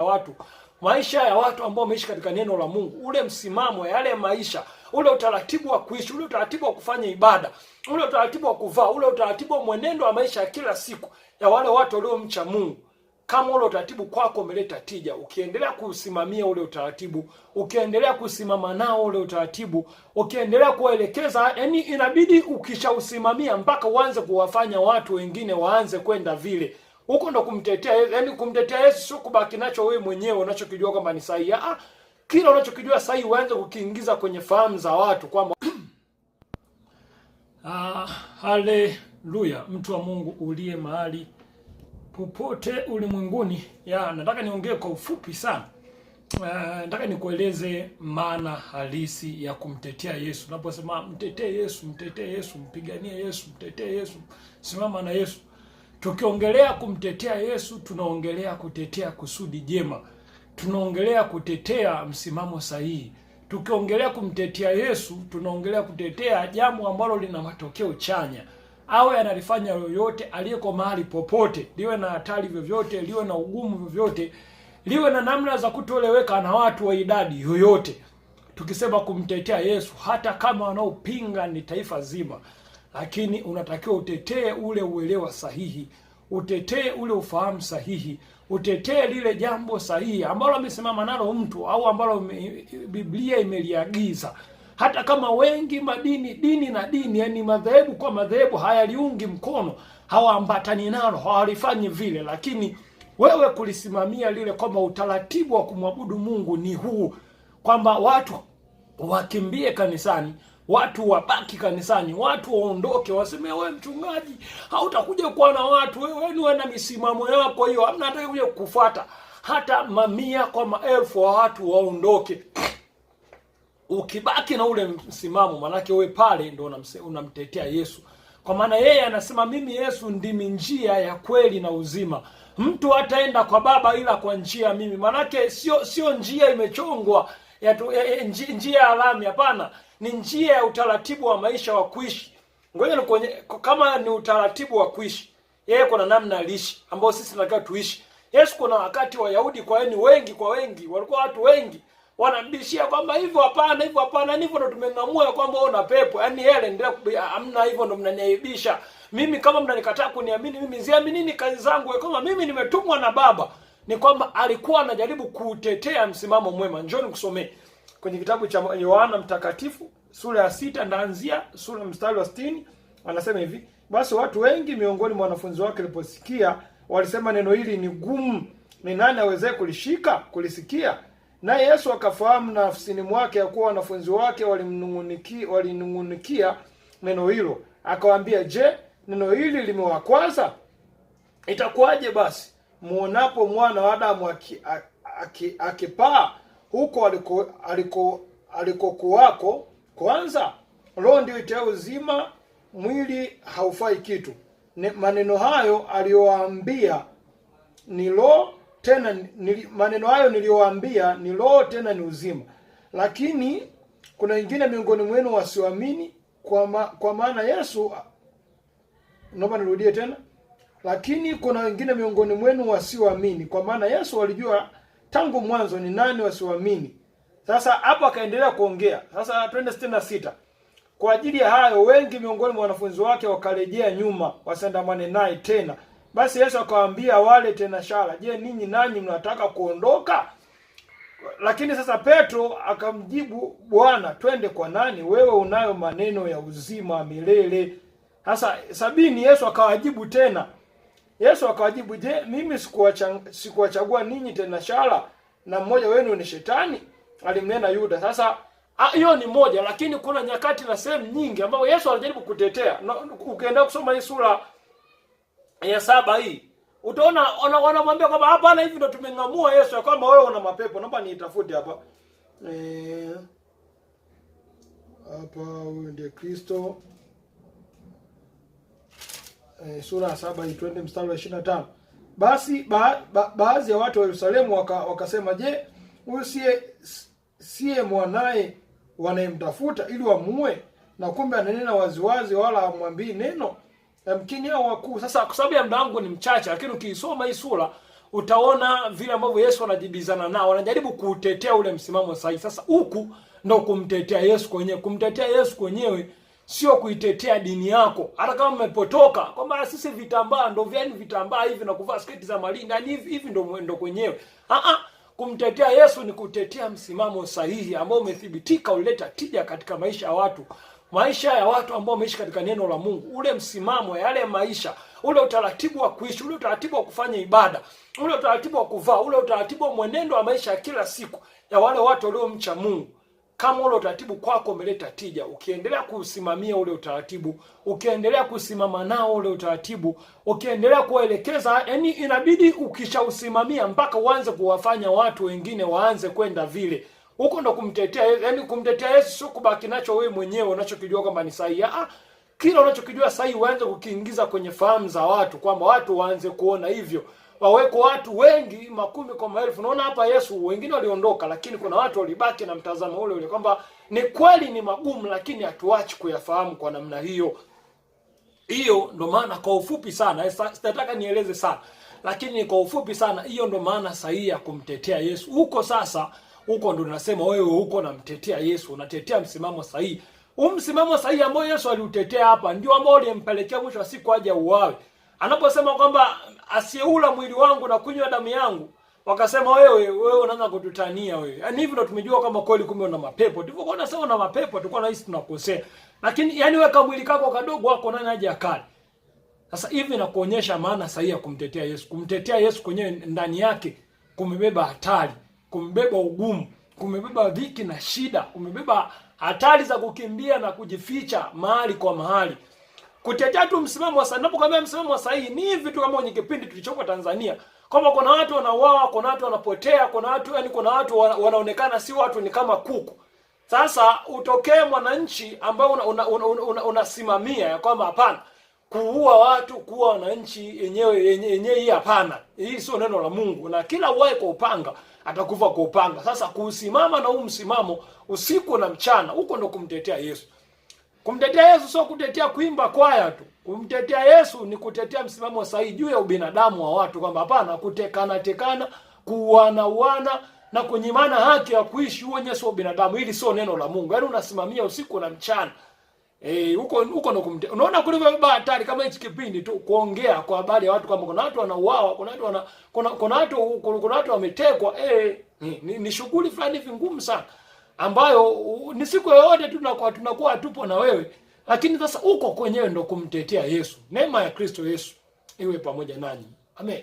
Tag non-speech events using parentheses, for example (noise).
ya watu maisha ya watu ambao wameishi katika neno la Mungu, ule msimamo, yale maisha, ule utaratibu wa kuishi, ule utaratibu wa kufanya ibada, ule utaratibu wa kuvaa, ule utaratibu wa mwenendo wa maisha ya kila siku ya wale watu waliomcha Mungu. Kama ule utaratibu kwako umeleta tija, ukiendelea kusimamia ule utaratibu, ukiendelea kusimama nao ule utaratibu, ukiendelea kuwaelekeza, yani inabidi ukishausimamia mpaka uanze kuwafanya watu wengine waanze kwenda vile. Huko ndo kumtetea yani kumtetea Yesu sio kubaki nacho wewe mwenyewe unachokijua kwamba ni sahihi. Ah, kila unachokijua sahihi uanze kukiingiza kwenye fahamu za watu kwamba (clears throat) ah, haleluya, mtu wa Mungu uliye mahali popote ulimwenguni. Ya, nataka niongee kwa ufupi sana. Uh, nataka nikueleze maana halisi ya kumtetea Yesu. Unaposema mtetee Yesu, mtetee Yesu, mpiganie Yesu, mtetee Yesu, simama na Yesu. Tukiongelea kumtetea Yesu, tunaongelea kutetea kusudi jema, tunaongelea kutetea msimamo sahihi. Tukiongelea kumtetea Yesu, tunaongelea kutetea jambo ambalo lina matokeo chanya, awe analifanya yoyote, aliyeko mahali popote, liwe na hatari vyovyote, liwe na ugumu vyovyote, liwe na namna za kutoeleweka na watu wa idadi yoyote. Tukisema kumtetea Yesu, hata kama wanaopinga ni taifa zima, lakini unatakiwa utetee ule uelewa sahihi utetee ule ufahamu sahihi, utetee lile jambo sahihi ambalo amesimama nalo mtu au ambalo Biblia imeliagiza hata kama wengi madini dini na dini, yani madhehebu kwa madhehebu, hayaliungi mkono, hawaambatani nalo, hawalifanyi vile, lakini wewe kulisimamia lile kwamba utaratibu wa kumwabudu Mungu ni huu, kwamba watu wakimbie kanisani watu wabaki kanisani, watu waondoke, waseme wewe mchungaji hautakuja kuwa na watu, wewe ni wana misimamo yako hiyo, hamna hata kuja kukufuata. Hata mamia kwa maelfu wa watu waondoke, ukibaki na ule msimamo, maanake wewe pale ndo unamtetea Yesu, kwa maana yeye anasema mimi Yesu ndimi njia ya kweli na uzima, mtu hataenda kwa Baba ila kwa njia mimi. Maanake sio sio njia imechongwa ya, tu, ya, njia ya lami. Hapana, ni njia ya utaratibu wa maisha wa kuishi. Ngoja kama ni utaratibu wa kuishi, yeye kuna namna aliishi ambao sisi tunataka tuishi. Yesu, kuna wakati Wayahudi kwa yeni wengi kwa wengi walikuwa watu wengi wanambishia kwamba hivyo hapana, hivyo hapana, hivyo ndo tumeng'amua kwamba wewe una pepo. Yaani yeye ndio amna hivyo ndo mnaniaibisha mimi. Kama mnanikataa kuniamini mimi, ziaminini kazi zangu. Kama mimi nimetumwa na Baba ni kwamba alikuwa anajaribu kutetea msimamo mwema. Njoni kusomee kwenye kitabu cha Yohana Mtakatifu sura ya sita ndaanzia sura mstari wa sitini anasema hivi: basi watu wengi miongoni mwa wanafunzi wake waliposikia walisema, neno hili ni gumu, ni nani awezaye kulishika kulisikia? Naye Yesu akafahamu nafsini mwake ya kuwa wanafunzi wake walimnung'unikia walinung'unikia neno hilo, akawaambia, je, neno hili limewakwaza? Itakuwaje basi muonapo mwana wa Adamu akipaa huko aliko aliko alikokuwako kwanza, roho ndio itayo uzima, mwili haufai kitu. Ne, maneno hayo aliyowaambia ni roho tena nili, maneno hayo niliyowaambia ni roho tena ni uzima, lakini kuna wengine miongoni mwenu wasioamini, kwa ma, kwa maana Yesu. Naomba nirudie tena lakini kuna wengine miongoni mwenu wasioamini, kwa maana Yesu walijua tangu mwanzo ni nani wasioamini. Sasa hapo akaendelea kuongea. Sasa twende sitini na sita. Kwa ajili ya hayo wengi miongoni mwa wanafunzi wake wakarejea nyuma, wasiandamane naye tena. Basi Yesu akawaambia wale tena shara, je, ninyi nanyi mnataka kuondoka? Lakini sasa Petro akamjibu, Bwana, twende kwa nani? Wewe unayo maneno ya uzima milele. Sasa sabini, Yesu akawajibu tena Yesu akawajibu, je, mimi sikuwachagua ninyi tena shara na mmoja wenu ni shetani? Alimnena Yuda. Sasa hiyo ni moja, lakini kuna nyakati na sehemu nyingi ambapo Yesu alijaribu kutetea. Ukienda kusoma hii sura ya saba hii utaona wanamwambia kwamba hapana, hivi ndo tumeng'amua Yesu ya kwamba wewe una mapepo. Naomba niitafute hapa eh, hapa, e, huyu ndiye Kristo e, sura ya saba itwende mstari wa ishirini na tano basi ba, ba, baadhi ya watu wa Yerusalemu wakasema waka je, huyu siye siye mwanaye wanayemtafuta ili wamuue? Na kumbe ananena waziwazi, wala amwambii neno. Yamkini hao wakuu sasa, kwa sababu ya mda wangu ni mchache, lakini ukiisoma hii sura utaona vile ambavyo Yesu anajibizana nao, anajaribu kuutetea ule msimamo sahii Sasa huku ndo kumtetea Yesu kwenyewe, kumtetea Yesu kwenyewe sio kuitetea dini yako, hata kama mmepotoka kwamba sisi vitambaa ndo vyani vitambaa hivi na kuvaa sketi za marinda ni yaani hivi hivi ndo mwendo kwenyewe. Ah ah, kumtetea Yesu ni kutetea msimamo sahihi ambao umethibitika, uleta tija katika maisha ya watu, maisha ya watu ambao wameishi katika neno la Mungu, ule msimamo, yale maisha, ule utaratibu wa kuishi, ule utaratibu wa kufanya ibada, ule utaratibu wa kuvaa, ule utaratibu wa mwenendo wa maisha ya kila siku ya wale watu waliomcha Mungu kama ule utaratibu kwako umeleta tija, ukiendelea kusimamia ule utaratibu, ukiendelea kusimama nao ule utaratibu, ukiendelea kuwaelekeza, yani inabidi ukishausimamia mpaka uanze kuwafanya watu wengine waanze kwenda vile. Huko ndo kumtetea, Yani kumtetea Yesu sio kubaki nacho wewe mwenyewe unachokijua kwamba ni sahihi. Ah, kila unachokijua sahihi uanze kukiingiza kwenye fahamu za watu, kwamba watu waanze kuona hivyo waweko watu wengi makumi kwa maelfu. Naona hapa Yesu, wengine waliondoka, lakini kuna watu walibaki na mtazamo ule ule kwamba ni kweli ni magumu, lakini hatuachi kuyafahamu kwa namna hiyo hiyo. Ndo maana kwa ufupi sana, eh, sitataka nieleze sana, lakini kwa ufupi sana, hiyo ndo maana sahihi ya kumtetea Yesu. Huko sasa, huko ndo nasema wewe huko namtetea Yesu, unatetea msimamo sahihi. Huu msimamo sahihi ambao Yesu aliutetea hapa ndio ambao ulimpelekea mwisho wa siku aje uawe anaposema kwamba asiyeula mwili wangu na kunywa damu yangu, wakasema wewe wewe unaanza kututania wewe. Yaani hivi ndo tumejua kwamba kweli kumbe una mapepo. kwa nasema una mapepo tulikuwa hisi tunakosea. Lakini yani weka mwili kako kadogo wako nani aje akali. Sasa hivi inakuonyesha maana sahihi ya kumtetea Yesu. Kumtetea Yesu kwenye ndani yake kumebeba hatari, kumebeba ugumu, kumebeba dhiki na shida, kumebeba hatari za kukimbia na kujificha mahali kwa mahali kutetea tu msimamo wa sahihi. Ninapokuambia msimamo wa sahihi ni hivi tu, kama kwenye kipindi tulichokuwa Tanzania kwamba kuna watu wanauawa, kuna watu wanapotea, kuna watu yani, kuna watu wanaonekana si watu, ni kama kuku. Sasa utokee mwananchi ambaye unasimamia una, una, una, una ya kwamba hapana kuua watu kuua wananchi yenyewe yenyewe, hii hapana, hii sio neno la Mungu, na kila uwae kwa upanga atakufa kwa upanga. Sasa kuusimama na huu msimamo usiku na mchana, huko ndo kumtetea Yesu. Kumtetea Yesu sio kutetea kuimba kwaya tu. Kumtetea Yesu ni kutetea msimamo sahihi juu ya ubinadamu wa watu, kwamba hapana kutekana tekana, kuuana uana na kunyimana haki ya kuishi, huo wenyewe wa binadamu, hili sio neno la Mungu. Yaani unasimamia usiku na mchana eh, huko huko ndo kumtetea. Unaona kulivyo baba hatari, kama hichi kipindi tu kuongea kwa habari ya watu, kama kuna watu wanauawa, kuna watu wana kuna kuna watu kuna watu wametekwa, eh ni, ni, ni shughuli fulani vingumu ngumu sana ambayo ni siku yoyote tunakuwa tunakuwa hatupo na wewe, lakini sasa uko kwenyewe ndo kumtetea Yesu. Neema ya Kristo Yesu iwe pamoja nanyi, amen.